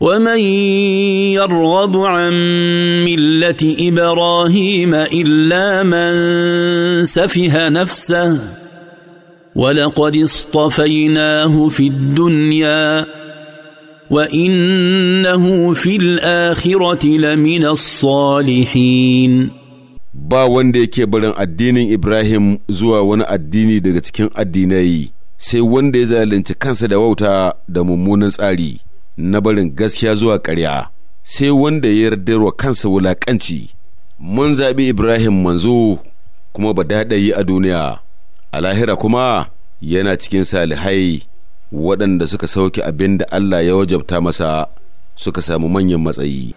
ومن يرغب عن مله ابراهيم الا من سفه نفسه ولقد اصطفيناه في الدنيا وانه في الاخره لمن الصالحين ba wanda yake barin addinin Ibrahim zuwa wani addini daga cikin addinai sai wanda ya zalunci kansa da wauta da mummunan tsari na barin gaskiya zuwa ƙarya sai wanda ya yarda wa kansa wulaƙanci mun zaɓi ibrahim manzo kuma ba yi a duniya a lahira kuma yana cikin salihai waɗanda suka sauke abin da allah ya wajabta masa suka samu manyan matsayi